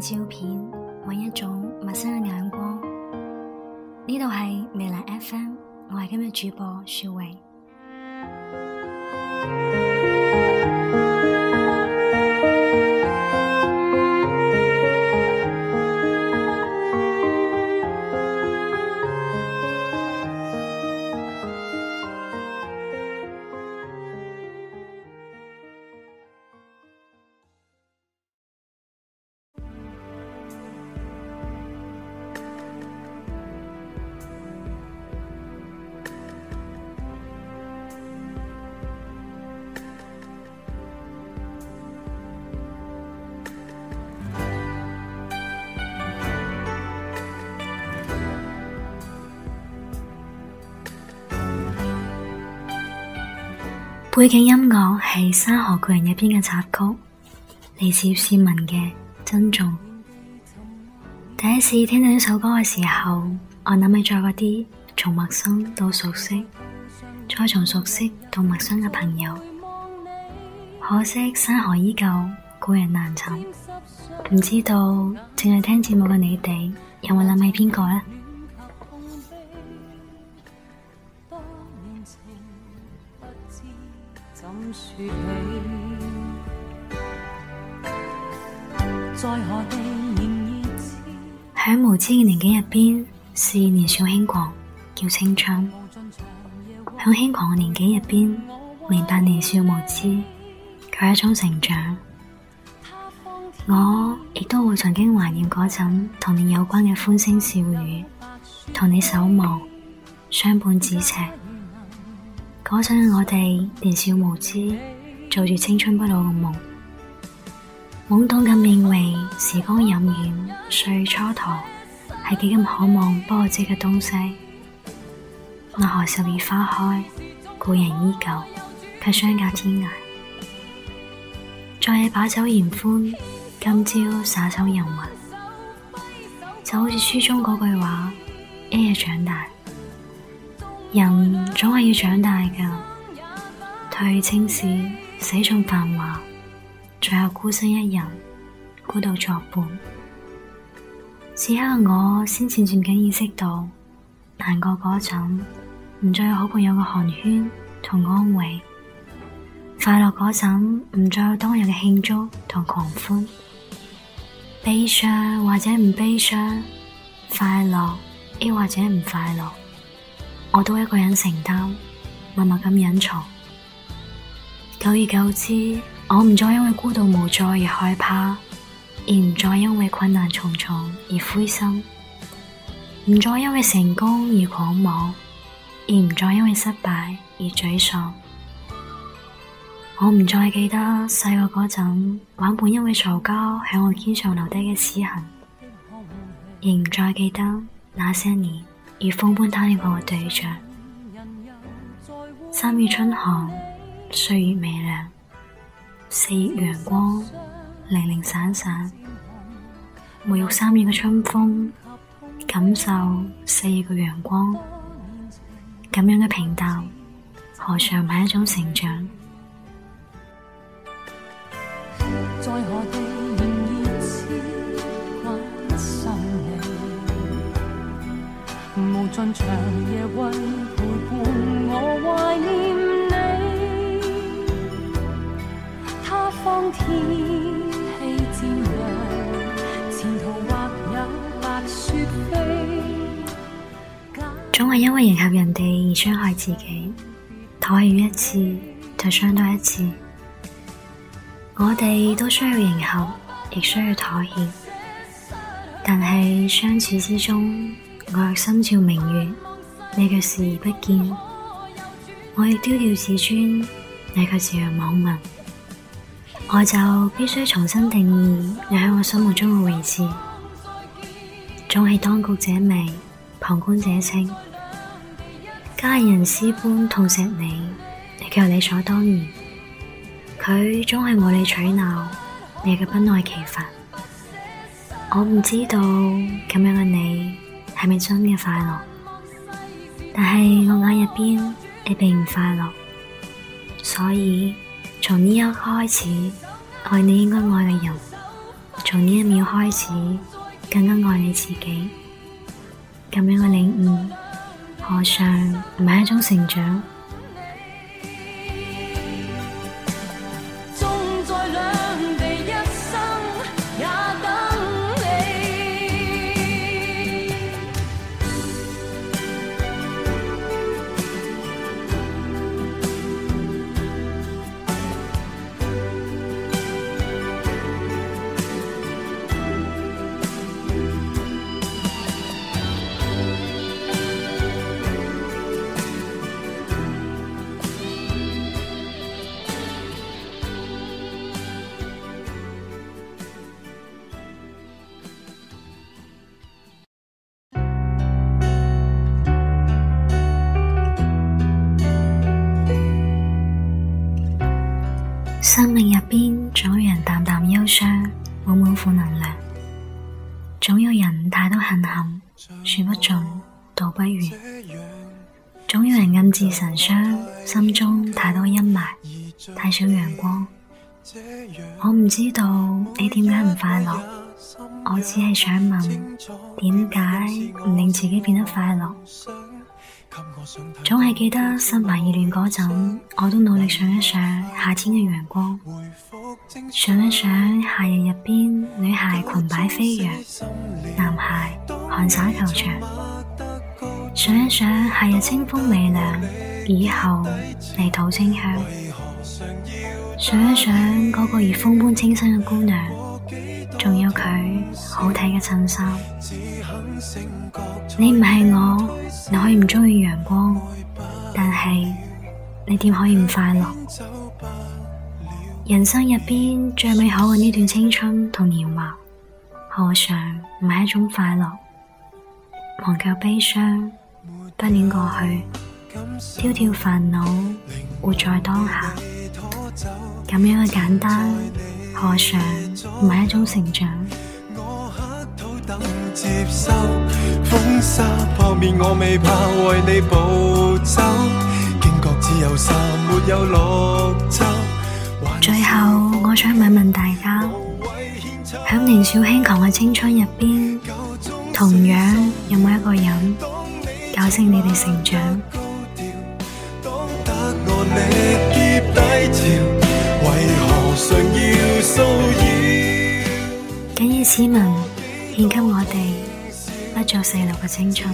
照片，揾一種陌生嘅眼光。呢度係未來 FM，我係今日主播雪薇。背景音樂係《山河故人》入邊嘅插曲，嚟自葉倩文嘅《珍重》。第一次聽到呢首歌嘅時候，我諗起咗嗰啲從陌生到熟悉，再從熟悉到陌生嘅朋友。可惜山河依舊，故人難尋。唔知道正在聽節目嘅你哋有冇諗起邊個呢？喺無知嘅年紀入邊，肆意年少輕狂，叫青春；喺輕狂嘅年紀入邊，明白年少無知，佢係一種成長。我亦都會曾經懷念嗰陣同你有關嘅歡聲笑語，同你守望，相伴咫尺。嗰陣我哋年少無知，做住青春不老嘅夢，懵懂咁認為時光荏苒、歲月蹉跎係幾咁渴望波折即嘅東西。奈何十二花開，故人依舊，卻相隔天涯。昨夜把酒言歡，今朝灑手人寰，就好似書中嗰句話：一夜長大。人總係要長大㗎，退去青史，死盡繁華，最後孤身一人，孤獨作伴。此刻我先漸漸咁意識到，難過嗰陣唔再有好朋友嘅寒暄同安慰，快樂嗰陣唔再有當日嘅慶祝同狂歡，悲傷或者唔悲傷，快樂亦或者唔快樂。我都一個人承擔，默默咁隱藏。久而久之，我唔再因為孤獨無助而害怕，而唔再因為困難重重而灰心，唔再因為成功而狂妄，而唔再因為失敗而沮喪。我唔再記得細個嗰陣玩伴因為嘈交喺我肩上留低嘅齒痕，亦唔再記得那些年，如風般貪戀過嘅對象，三月春寒，歲月微涼，四月陽光，零零散散，沐浴三月嘅春風，感受四月嘅陽光，咁樣嘅平淡，何嘗唔係一種成長？總係因為迎合人哋而傷害自己，妥協一次就傷多一次。我哋都需要迎合，亦需要妥協。但係相處之中，我若心照明月，你卻視而不見；我亦丟掉自尊，你卻置若罔聞，我就必須重新定義你喺我心目中嘅位置。總係當局者迷，旁觀者清。家人私奔痛錫你，你卻理所當然。佢總係無理取鬧，你嘅不耐其煩。我唔知道咁樣嘅你係咪真嘅快樂，但係我眼入邊你並唔快樂。所以從呢一刻開始，愛你應該愛嘅人，從呢一秒開始，更加愛你自己。咁樣嘅領悟。嗯受傷唔係一種成長。生命入邊，總有人淡淡憂傷，滿滿負能量；總有人太多遺憾，說不盡，道不完；總有人暗自神傷，心中太多陰霾，太少陽光。我唔知道你點解唔快樂，我只係想問，點解唔令自己變得快樂？總係記得心煩意亂嗰陣，我都努力想一想夏天嘅陽光，想一想夏日入邊女孩裙擺飛揚，男孩汗灑球場，想一想夏日清風微涼，以後泥土清香，想一想嗰個如風般清新嘅姑娘，仲有佢好睇嘅襯衫。你唔係我，你可以唔中意陽光，但係你點可以唔快樂？人生入邊最美好嘅呢段青春同年華，何嘗唔係一種快樂？忘掉悲傷，不戀過去，丟掉煩惱，活在當下，咁樣嘅簡單，何嘗唔係一種成長？接我未怕你有最後，我想問問大家，響年少輕狂嘅青春入邊，同樣有冇一個人，教識你哋成長？緊要市民。獻給我哋不再細路嘅青春。